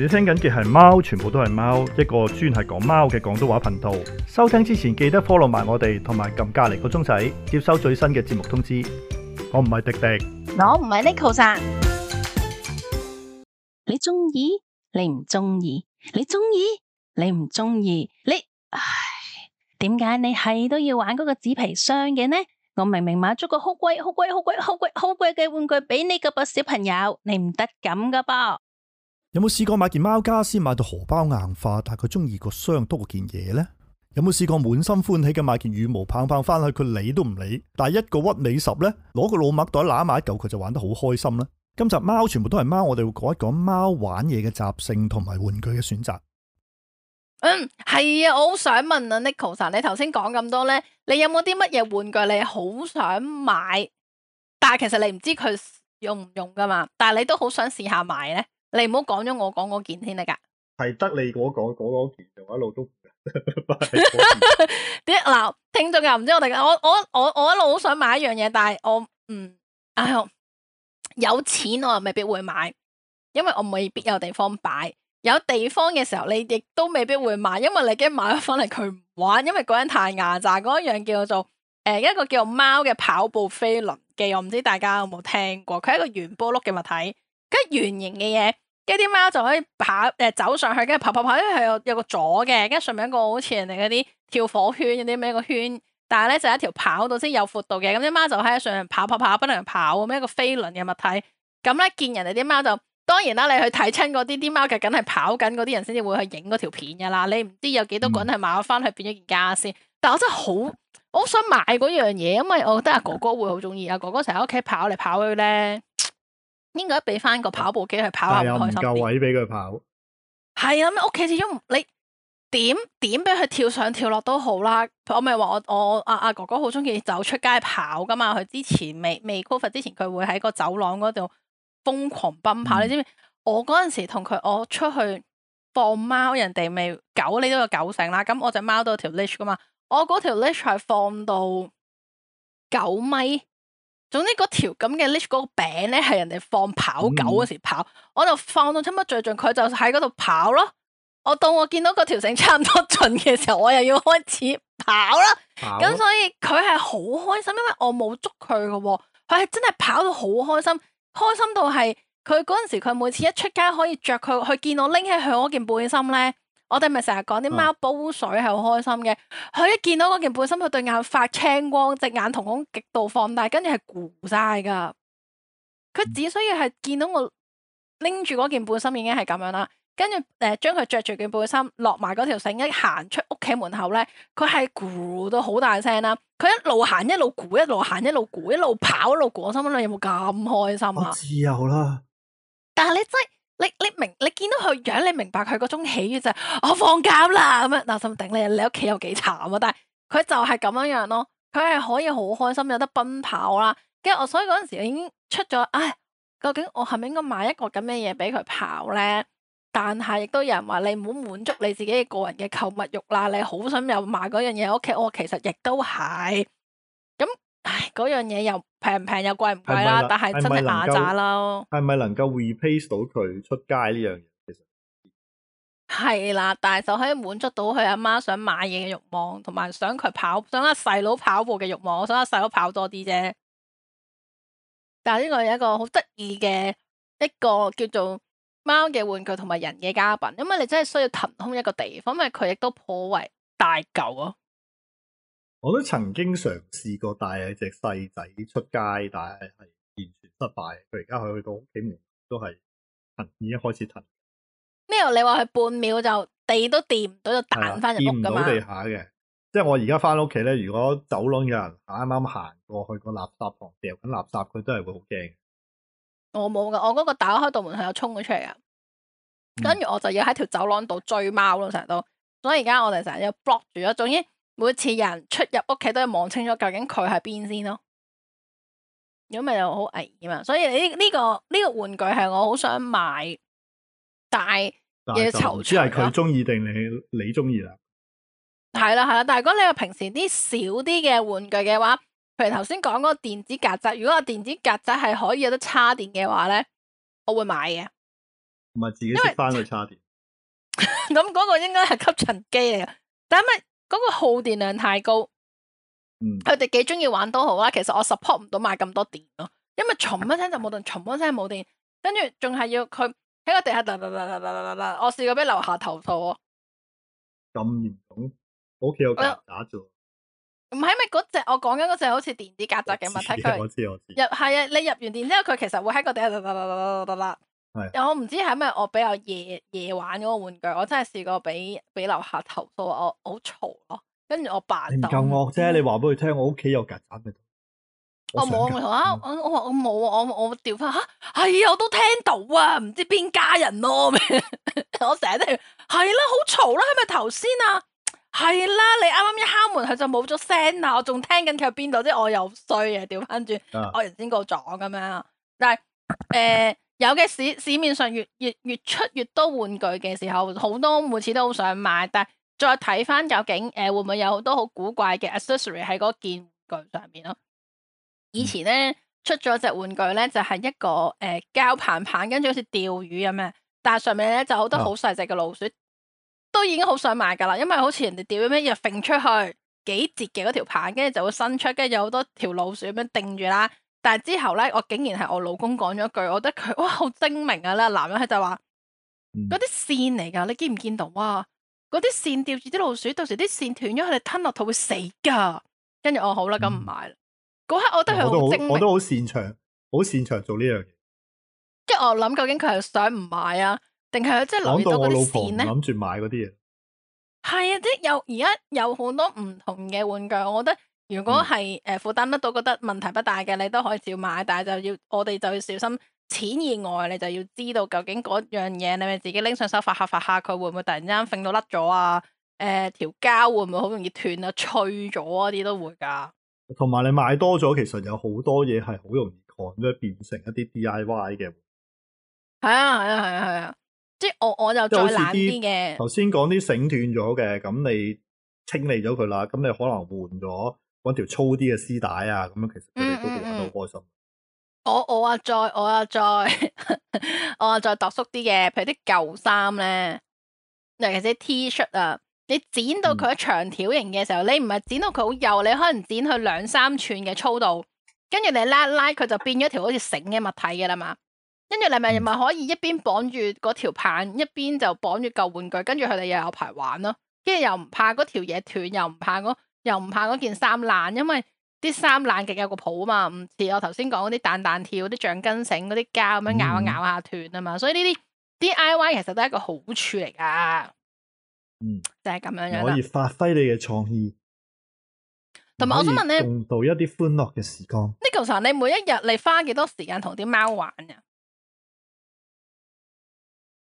你聽緊嘅係貓，全部都係貓，一個專係講貓嘅廣東話頻道。收聽之前記得 follow 埋我哋，同埋撳隔籬個鐘仔，接收最新嘅節目通知。我唔係迪迪，我唔係 Nico。你中意？你唔中意？你中意？你唔中意？你，你唉，點解你係都要玩嗰個紙皮箱嘅呢？我明明買咗個好貴、好貴、好貴、好貴、好貴嘅玩具俾你㗎噃，小朋友，你唔得咁噶噃。有冇試過買件貓家私，買到荷包硬化，但係佢中意個箱多過件嘢呢？有冇試過滿心歡喜嘅買件羽毛棒棒翻去，佢理都唔理？但係一個屈尾十呢，攞個老麥袋揦埋一嚿，佢就玩得好開心咧？今集貓全部都係貓，我哋會講一講貓玩嘢嘅習性同埋玩具嘅選擇。嗯，係啊，我好想問啊，Nicholas，你頭先講咁多呢，你有冇啲乜嘢玩具你好想買，但係其實你唔知佢用唔用噶嘛？但係你都好想試下買呢？你唔好講咗我講嗰件先得噶，係得你我講講嗰件，我一路都點嗱 聽咗噶，唔知我哋我我我我一路好想買一樣嘢，但係我唔、嗯，哎喲有錢我又未必會買，因為我未必有地方擺。有地方嘅時候，你亦都未必會買，因為你驚買咗翻嚟，佢唔玩，因為嗰樣太牙炸。嗰一樣叫做誒、呃、一個叫做貓嘅跑步飛輪機，我唔知大家有冇聽過？佢係一個圓波碌嘅物體，跟係圓形嘅嘢。一啲貓就可以跑，誒、呃、走上去，跟住跑跑跑，因為佢有有個左嘅，跟住上面一個好似人哋嗰啲跳火圈嗰啲咩個圈，但係咧就係、一條跑道先有闊度嘅，咁啲貓就喺上跑跑跑不能跑，咩一個飛輪嘅物體，咁咧見人哋啲貓就當然啦，你去睇親嗰啲，啲貓夾梗係跑緊嗰啲人先至會去影嗰條片噶啦，你唔知道有幾多個人係買翻去變咗件家先，但我真係好，我想買嗰樣嘢，因為我覺得阿哥哥會好鍾意，阿哥哥成日喺屋企跑嚟跑去咧。應該俾翻個跑步機去跑下開心啲。又唔夠位俾佢跑。係啊，屋企始終你點點俾佢跳上跳落都好啦。我咪話我我阿阿、啊、哥哥好中意走出街跑噶嘛。佢之前未未 COVID 之前，佢會喺個走廊嗰度瘋狂奔跑。嗯、你知唔知？我嗰陣時同佢我出去放貓，人哋咪狗你都有狗繩啦。咁我隻貓都有條 leash 噶嘛。我嗰條 leash 係放到九米。總之嗰條咁嘅 leash 嗰個餅咧，係人哋放跑狗嗰時跑，嗯嗯我就放到差唔多最盡，佢就喺嗰度跑咯。到我當我見到嗰條繩差唔多盡嘅時候，我又要開始跑囉。咁所以佢係好開心，因為我冇捉佢喎。佢係真係跑到好開心，開心到係佢嗰陣時，佢每次一出街可以着佢，佢見我拎起佢嗰件背心咧。我哋咪成日講啲貓煲水係好開心嘅，佢、哦、一見到嗰件背心，佢對眼發青光，隻眼瞳孔極度放大，跟住係鼓晒噶。佢只需要係見到我拎住嗰件背心，已經係咁樣啦。跟住誒，將佢着住件背心落埋嗰條繩，一行出屋企門口咧，佢係鼓到好大聲啦。佢一路行一路鼓，一路行一路鼓，一路跑一路鼓，鼓，我心諗有冇咁開心啊？我自由啦！但係你真。你你明，你見到佢樣，你明白佢嗰種喜悅就係、是、我放假啦咁樣，嗱甚至你你屋企有幾慘啊！但係佢就係咁樣樣咯，佢係可以好開心，有得奔跑啦。跟住我，所以嗰陣時已經出咗，唉、哎，究竟我係咪應該買一個咁嘅嘢俾佢跑咧？但係亦都有人話你唔好滿足你自己嘅個人嘅購物慾啦，你好想又買嗰樣嘢喺屋企。我其實亦都係。唉，嗰樣嘢又平唔平又貴唔貴啦，但係真係馬雜咯。係咪能夠、啊、replace 到佢出街呢樣嘢？其實係啦，但係就可以滿足到佢阿媽想買嘢嘅欲望，同埋想佢跑，想阿細佬跑步嘅欲望，我想阿細佬跑多啲啫。但係呢個係一個好得意嘅一個叫做貓嘅玩具，同埋人嘅家品，因為你真係需要騰空一個地方，因為佢亦都頗為大嚿啊。我都曾經嘗試，試過帶一隻細仔出街，但係係完全失敗。佢而家去到屋企門都係騰，已經開始騰。咩？你話佢半秒就地都掂唔到，就彈翻入屋噶嘛？見唔到地下嘅。即係我而家翻屋企咧，如果走廊有人啱啱行過去個垃圾房，掉緊垃圾，佢都係會好驚。我冇噶，我嗰個打開道門係有衝咗出嚟噶、嗯，跟住我就要喺條走廊度追貓咯，成日都。所以而家我哋成日要 block 住咗。總之。每次人出入屋企都要望清楚究竟佢喺邊先咯，如果咪又好危險啊！所以呢、呢、呢個呢、呢個玩具係我好想買，但係但係就唔知係佢中意定你你中意啦。係啦係啦，但係如果你話平時啲少啲嘅玩具嘅話，譬如頭先講嗰個電子曱甴，如果個電子曱甴係可以有得差電嘅話咧，我會買嘅。唔係自己識翻去差電，咁嗰 個應該係吸塵機嚟嘅。但係嗰個耗電量太高，嗯，佢哋幾中意玩都好啦。其實我 support 唔到買咁多電咯，因為充一聲就冇電，充一聲冇電，跟住仲係要佢喺個地下啦啦啦啦啦啦啦！我試過俾樓下投訴啊，咁嚴重，我屋企有曱甴住，唔係因為嗰隻？我講緊嗰隻好似電子曱甴嘅問題，佢我知我知，入係啊，你入完電之後，佢其實會喺個地下啦啦啦啦啦啦啦。噠噠噠噠噠噠噠我唔知係咪我比較夜夜玩嗰個玩具，我真係試過俾俾樓下投訴我好嘈咯，跟住我爸唔夠惡啫，你話俾佢聽，我屋企有曱甴。我冇啊，我我我冇啊，我我調翻吓，係啊，都聽到啊，唔知邊家人咯、啊啊，我成日都係啦，好嘈啦，係咪頭先啊？係啦，你啱啱一敲門佢就冇咗聲啦，我仲聽緊佢邊度，即係我又衰啊。調翻轉，我原先個咗。咁樣，但係誒。呃 有嘅市市面上越越越出越多玩具嘅時候，好多每次都好想買，但係再睇翻，究竟誒會唔會有好多好古怪嘅 accessory 喺嗰件玩具上面咯？以前咧出咗隻玩具咧就係、是、一個誒膠棒棒，跟住好似釣魚咁樣，但係上面咧就好多好細隻嘅老鼠，oh. 都已經好想買噶啦，因為好似人哋釣咗咩，一揈出去幾節嘅嗰條棒，跟住就會伸出，跟住有好多條老鼠咁樣定住啦。但係之後咧，我竟然係我老公講咗一句，我覺得佢哇好精明啊啦，男人佢就話嗰啲線嚟噶，你見唔見到哇、啊？嗰啲線吊住啲老鼠，到時啲線斷咗，佢哋吞落肚會死噶。跟住我好啦，咁唔買啦嗰、嗯、刻我覺得佢好精明我，我都好擅長，好擅長做呢樣嘢。即、就、係、是、我諗，究竟佢係想唔買啊，定係即係諗住？講到我老婆諗住買嗰啲嘢，係啊，即有而家有好多唔同嘅玩具，我覺得。如果係誒負擔得到，覺得問題不大嘅，你都可以照買，但係就要我哋就要小心錢以外，你就要知道究竟嗰樣嘢你咪自己拎上手發下發下，佢會唔會突然之間揈到甩咗啊？誒條膠會唔會好容易斷啊、脆咗嗰啲都會噶。同埋你買多咗，其實有好多嘢係好容易 control 變成一啲 D I Y 嘅。係啊係啊係啊係啊！即係我我就再懶啲嘅。頭先講啲繩斷咗嘅，咁你清理咗佢啦，咁你可能換咗。搵條粗啲嘅絲帶啊，咁樣其實佢哋都玩得好開心。嗯嗯，我我啊再我啊再 我啊再縮縮啲嘅，譬如啲舊衫咧，尤其是 T 恤啊，你剪到佢一長條型嘅時候，嗯、你唔係剪到佢好幼，你可能剪去兩三寸嘅粗度，跟住你拉一拉佢就變咗一條好似繩嘅物體嘅啦嘛。跟住你咪咪可以一邊綁住嗰條棒，一邊就綁住舊玩具，跟住佢哋又有排玩咯，跟住又唔怕嗰條嘢斷，又唔怕嗰又唔怕嗰件衫爛，因為啲衫爛極有個譜啊嘛，唔似我頭先講嗰啲彈彈跳、啲橡筋繩、嗰啲膠咁樣咬下咬下斷啊嘛、嗯，所以呢啲 DIY 其實都係一個好處嚟噶。嗯，就係咁樣樣，可以發揮你嘅創意。同埋，我想問你，共度一啲歡樂嘅時光。Nicholas，你每一日你花幾多時間同啲貓玩啊？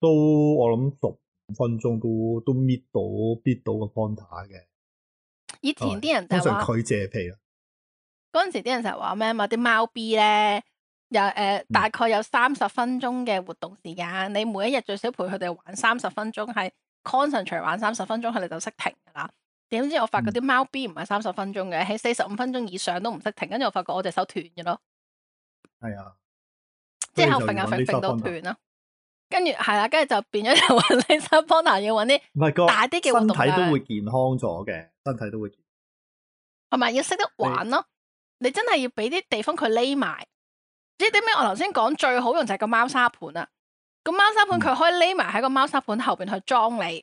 都我諗十五分鐘都都搣到搣到個方塔嘅。以前啲人就話，佢借皮啊。嗰陣時啲人成日話咩嘛？啲貓 B 咧，有誒大概有三十分鐘嘅活動時間，嗯、你每一日最少陪佢哋玩三十分鐘，係 concentrate 玩三十分鐘，佢哋就識停㗎喇。點知我發覺啲貓 B 唔係三十分鐘嘅，喺四十五分鐘以上都唔識停，跟住我發覺我隻手斷嘅咯。係、哎、啊，即係我訓啊瞓訓到斷咯。跟住係啦，跟住就變咗就搵你，新 partner 要搵啲大啲嘅活動，身體都會健康咗嘅。身體都會係咪，同埋要識得玩咯。的你真係要俾啲地方佢匿埋。即係點解？我頭先講最好用就係個貓砂盤啦。咁貓砂盤佢可以匿埋喺個貓砂盤後邊去裝你。嗯、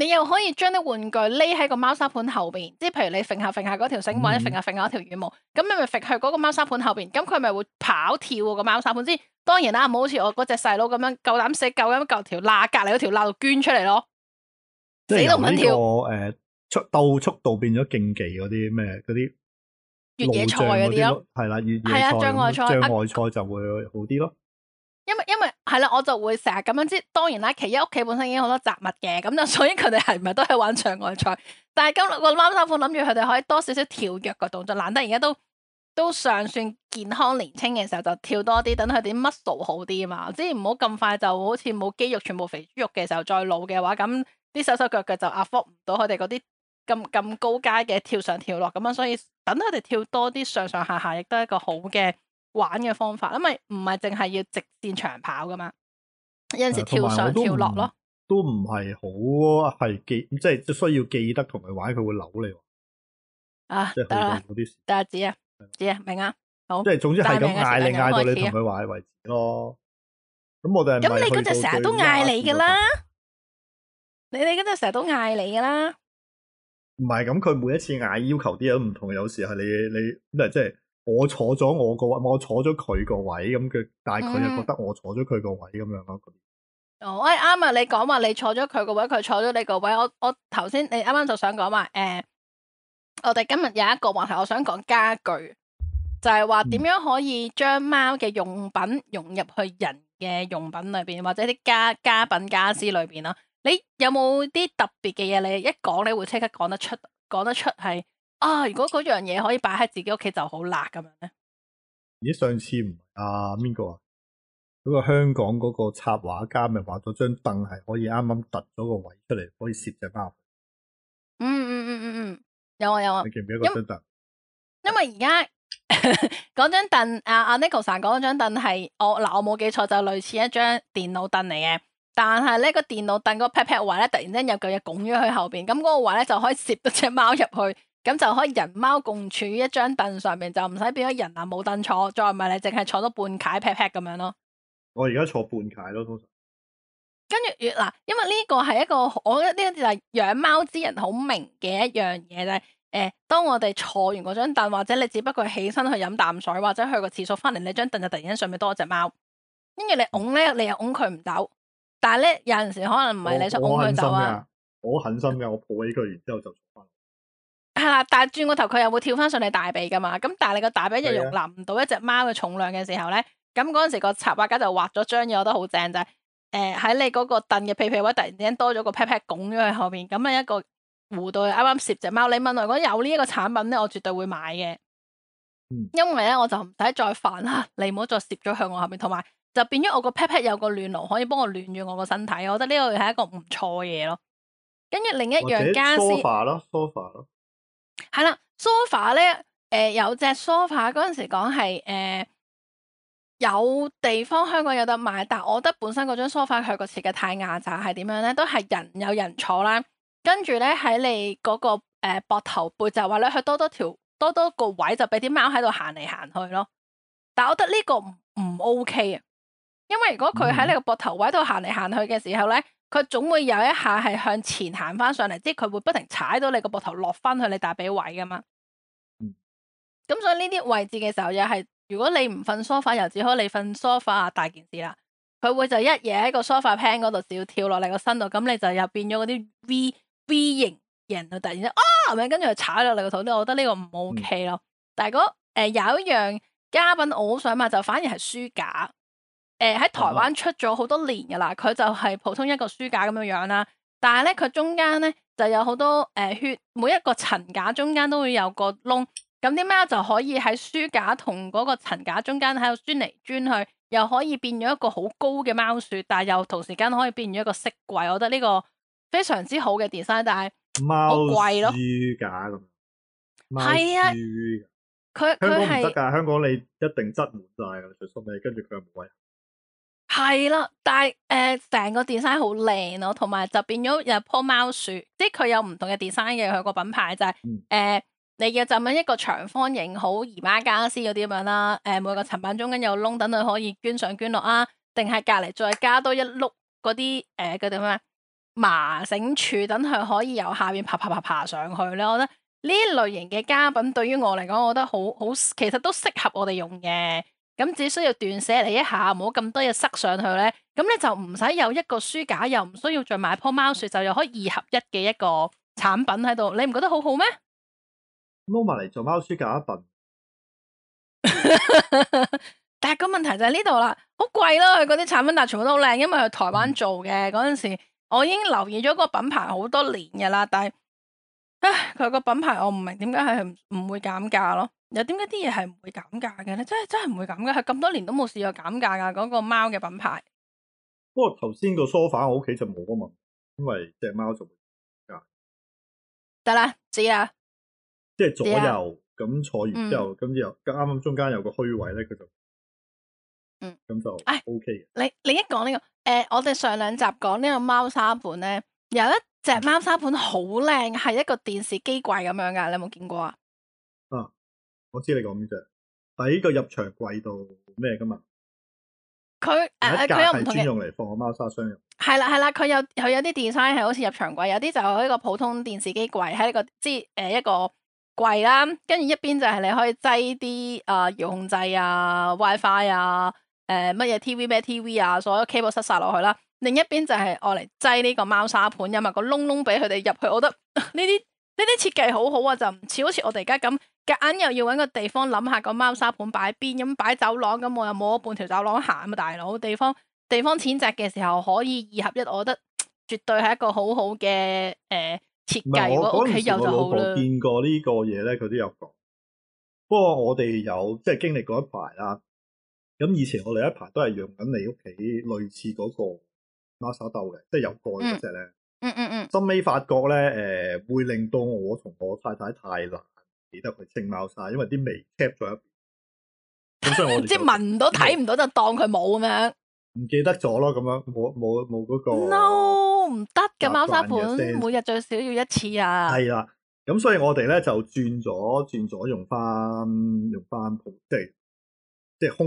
你又可以將啲玩具匿喺個貓砂盤後邊，即係譬如你揈下揈下嗰條繩，或者揈下揈下條羽毛，咁你咪揈去嗰個貓砂盤後邊。咁佢咪會跑跳個、啊、貓砂盤。之當然啦、啊，唔好似我嗰隻細佬咁樣，夠膽死，夠膽夠，夠，夠條罅隔籬嗰條罅度捐出嚟。咯即係呢個，死都唔肯跳，誒。出到速度變咗競技嗰啲咩，嗰啲越野賽嗰啲咯，係啦，越野賽、障礙賽、啊、就會好啲咯。因為因為係啦，我就會成日咁樣知。當然啦，其實屋企本身已經好多雜物嘅，咁就所以佢哋係唔係都係玩障礙賽。但係今日個貓砂款諗住佢哋可以多少少跳躍個動作，難得而家都都尚算健康年輕嘅時候就跳多啲，等佢哋 muscle 好啲啊嘛。即係唔好咁快就好似冇肌肉全部肥肉嘅時候再老嘅話，咁啲手手腳腳就 afford 唔到佢哋嗰啲。咁咁高階嘅跳上跳落咁樣，所以等佢哋跳多啲上上下下，亦都係一個好嘅玩嘅方法，因為唔係淨係要直線長跑噶嘛，有陣時跳上跳落咯，都唔係好係記，即係即需要記得同佢玩，佢會扭你。啊，即得啦，得啊子啊，子啊，明啊，好，即係總之係咁嗌你，嗌到你同佢玩為止咯。咁、啊、我哋咁你嗰隻成日都嗌你噶啦，你哋嗰隻成日都嗌你噶啦唔係咁，佢每一次嗌要求啲嘢都唔同，有時係你你，即係、就是、我坐咗我個位，我坐咗佢個位，咁佢，但係佢又覺得我坐咗佢個位咁、嗯、樣咯。哦，喂、哎，啱啊，你講話，你坐咗佢個位，佢坐咗你個位，我我頭先你啱啱就想講話，誒、欸，我哋今日有一個話題，我想講家具，就係話點樣可以將貓嘅用品融入去人嘅用品裏邊，或者啲家家品家私裏邊咯。你有冇啲特別嘅嘢？你一講你會即刻講得出，講得出係啊！如果嗰樣嘢可以擺喺自己屋企就好辣咁樣咧。咦？上次唔係啊？邊個啊？嗰、嗰個香港嗰個插畫家咪畫咗張凳，係可以啱啱突咗個位出嚟，可以攝隻包。嗯嗯嗯嗯嗯，有啊有啊。你記唔記得嗰張凳？因為而家嗰張凳，啊，阿 Nicholas 講嗰張凳係我嗱，我冇記錯就類似一張電腦凳嚟嘅。但係咧個電腦凳個 pat pat 位咧，突然間有嚿嘢拱咗去後邊，咁、那、嗰個位咧就可以攝到隻貓入去，咁就可以人貓共處一張凳上面，就唔使變咗人啊冇凳坐，再唔係你淨係坐到半解 pat pat 咁樣咯。我而家坐半解咯，通常。跟住，嗱，因為呢個係一個我覺得呢、這個，就係養貓之人好明嘅一樣嘢，就係、是、誒、欸，當我哋坐完嗰張凳，或者你只不過起身去飲啖水，或者去個廁所翻嚟，你張凳就突然間上面多一隻貓，跟住你拱咧，你又拱佢唔到。但係咧，有陣時可能唔係你想拱佢走啊！我狠心嘅，我抱起佢，然之後就出翻。係啦，但係轉個頭，佢又會跳翻上你的大髀噶嘛？咁但係你個大髀又容納唔到一隻貓嘅重量嘅時候咧，咁嗰陣時個插畫家就畫咗張嘢，我覺得好正就係、是，誒、呃、喺你嗰個凳嘅屁屁位突然之間多咗個 pat pat 拱咗去後面。咁啊一個弧度啱啱攝隻貓。你問我如果有呢一個產品咧，我絕對會買嘅、嗯，因為咧我就唔使再煩啦，你唔好再攝咗向我後面，同埋。就變咗我個 pat pat 有個暖爐可以幫我暖住我個身體，我覺得呢個係一個唔錯嘅嘢咯。跟住另一樣傢俬，或者 sofa 咯，sofa 咯，係啦，sofa 咧，誒、呃、有隻 sofa 嗰陣時講係、呃、有地方香港有得賣，但係我覺得本身嗰張 sofa 佢個設計太亞雜，係點樣咧？都係人有人坐啦，跟住咧喺你嗰、嗰個膊、呃、頭背就話咧，去多多條多多個位就俾啲貓喺度行嚟行去咯。但係我覺得呢個唔 OK 啊！因為如果佢喺你個膊頭位度行嚟行去嘅時候咧，佢總會有一下係向前行翻上嚟，即係佢會不停踩到你個膊頭落翻去你大髀位噶嘛。咁、嗯、所以呢啲位置嘅時候又係，如果你唔瞓梳化，又只可你瞓梳化大件事啦。佢會就一夜喺個梳化 pan 嗰度，只跳落嚟個身度，咁你就又變咗嗰啲 V V 型人。就突然間啊，咁樣跟住去踩落你個肚，我覺得呢個唔 OK 咯。但係嗰誒有一樣傢俬我好想買，就反而係書架。誒、呃，喺台灣出咗好多年噶啦，佢、啊、就係普通一個書架咁樣樣啦。但係咧，佢中間咧就有好多誒、呃、血，每一個層架中間都會有個窿，咁啲貓就可以喺書架同嗰個層架中間喺度鑽嚟鑽去，又可以變咗一個好高嘅貓樹，但係又同時間可以變咗一個色櫃。我覺得呢個非常之好嘅 design，但係貓貴咯書架咁，係啊，佢佢係香港唔得噶，香港你一定塞滿晒噶啦，最疏尾跟住佢又冇位。係啦，但係誒成個 design 好靚咯，同埋就變咗有棵貓樹，即係佢有唔同嘅 design 嘅佢個品牌就係、是、誒、呃，你嘅就咁一個長方形好姨媽家私嗰啲咁樣啦，誒、呃、每個層板中間有窿，等佢可以捐上捐落啊，定係隔離再加多一碌嗰啲誒嘅咩麻繩柱，等佢可以由下邊爬爬，爬爬爬爬上去咧。我覺得呢類型嘅家品對於我嚟講，我覺得好好，其實都適合我哋用嘅。咁只需要斷捨離一下，唔好咁多嘢塞上去咧，咁你就唔使有一個書架，又唔需要再買棵貓樹，就又可以二合一嘅一個產品喺度，你唔覺得好好咩？攞埋嚟做貓書架一笨。 但係個問題就喺呢度啦，好貴咯，佢嗰啲產品，但係全部都好靚，因為佢台灣做嘅嗰陣時，我已經留意咗個品牌好多年嘅啦，但係，唉，佢個品牌我唔明點解係唔會減價咯。又點解啲嘢係唔會減價嘅咧？真係真係唔會減價，係咁多年都冇試過減價噶。嗰個貓嘅品牌，不過頭先個梳化我屋企就冇啊嘛，因為隻貓就會得啦，知啦，即係左右咁坐完之後，咁之後啱啱中間有個虛位咧，佢就嗯咁就 OK 嘅、哎。你你一講呢個誒、呃，我哋上兩集講呢個貓砂盤咧，有一隻貓砂盤好靚，係一個電視機櫃咁樣噶，你有冇見過啊？我知道你講邊隻，喺係個入場櫃度咩㗎嘛？佢誒，佢唔係專用嚟放個貓砂箱入。係啦係啦，佢有佢有啲 design 係好似入牆櫃，有啲就係一個普通電視機櫃，喺一個即誒一個櫃啦。跟住一邊就係你可以擠啲誒遙控掣啊、WiFi 啊、誒乜嘢 TV 咩 TV 啊，所有 cable 塞晒落去啦。另一邊就係我嚟擠呢個貓砂盤，因為個窿窿俾佢哋入去。我覺得呢啲。 這些呢啲設計好好啊，就唔似好似我哋而家咁，夾硬又要搵個地方諗下個貓砂盤擺邊，咁擺走廊，咁我又冇半條走廊行啊大佬，地方地方淺窄嘅時候可以二合一，我覺得絕對係一個好好嘅誒設計喎。如果屋企有就好啦。我見過呢個嘢咧？佢都有講。不過我哋有即係經歷過一排啦。咁以前我哋一排都係用緊你屋企類似嗰個貓砂兜嘅，即係有蓋、那個，嗰隻咧。嗯嗯嗯，心尾發覺咧，誒，會令到我同我太太太懶，記得佢清貓砂，因為啲味 cap 咗，即係聞唔到，睇唔到就當佢冇咁樣，唔記得咗咯，咁樣冇冇冇嗰個，no 唔得嘅貓砂盆，每日最少要一次啊，係啦，咁所以我哋咧就轉咗轉咗用翻用翻即係即係空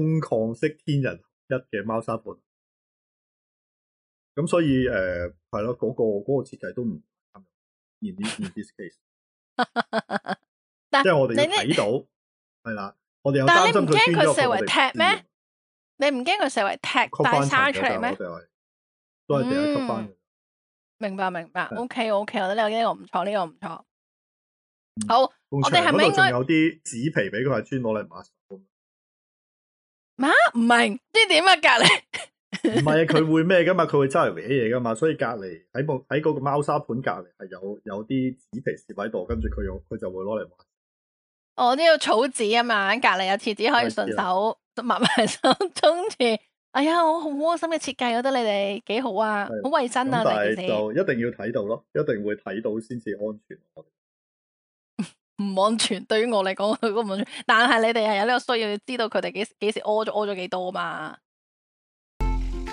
曠式天人合一嘅貓砂盆。咁、嗯、所以誒係咯，嗰、呃那個嗰、那個設計都唔 ，in t this case，即 係我哋睇到，係 啦，我哋有他他但你佢磚佢四圍踢咩？你唔驚佢四圍踢大叉出嚟咩？嗯，明白明白，OK OK，我覺得你有呢個唔錯，呢、這個唔錯。好，嗯、我哋係咪仲有啲紙皮俾佢係專攞嚟抹？咩唔、啊、明？啲點啊隔籬？ 唔係啊，佢會咩噶嘛？佢會周圍搲嘢噶嘛？所以隔籬喺木喺個貓砂盤隔籬係有有啲紙皮廁位度，跟住佢用佢就會攞嚟搣。哦，呢個草紙啊嘛，隔籬有廁紙可以順手抹埋手，沖住，哎呀，我好窩心嘅設計，我覺得你哋幾好啊，好衛生啊，但你哋就一定要睇到咯，一定會睇到先至安全、啊。唔 安全，對於我嚟講，佢都唔安全。但係你哋係有呢個需要，你知道佢哋幾幾時屙咗屙咗幾多嘛。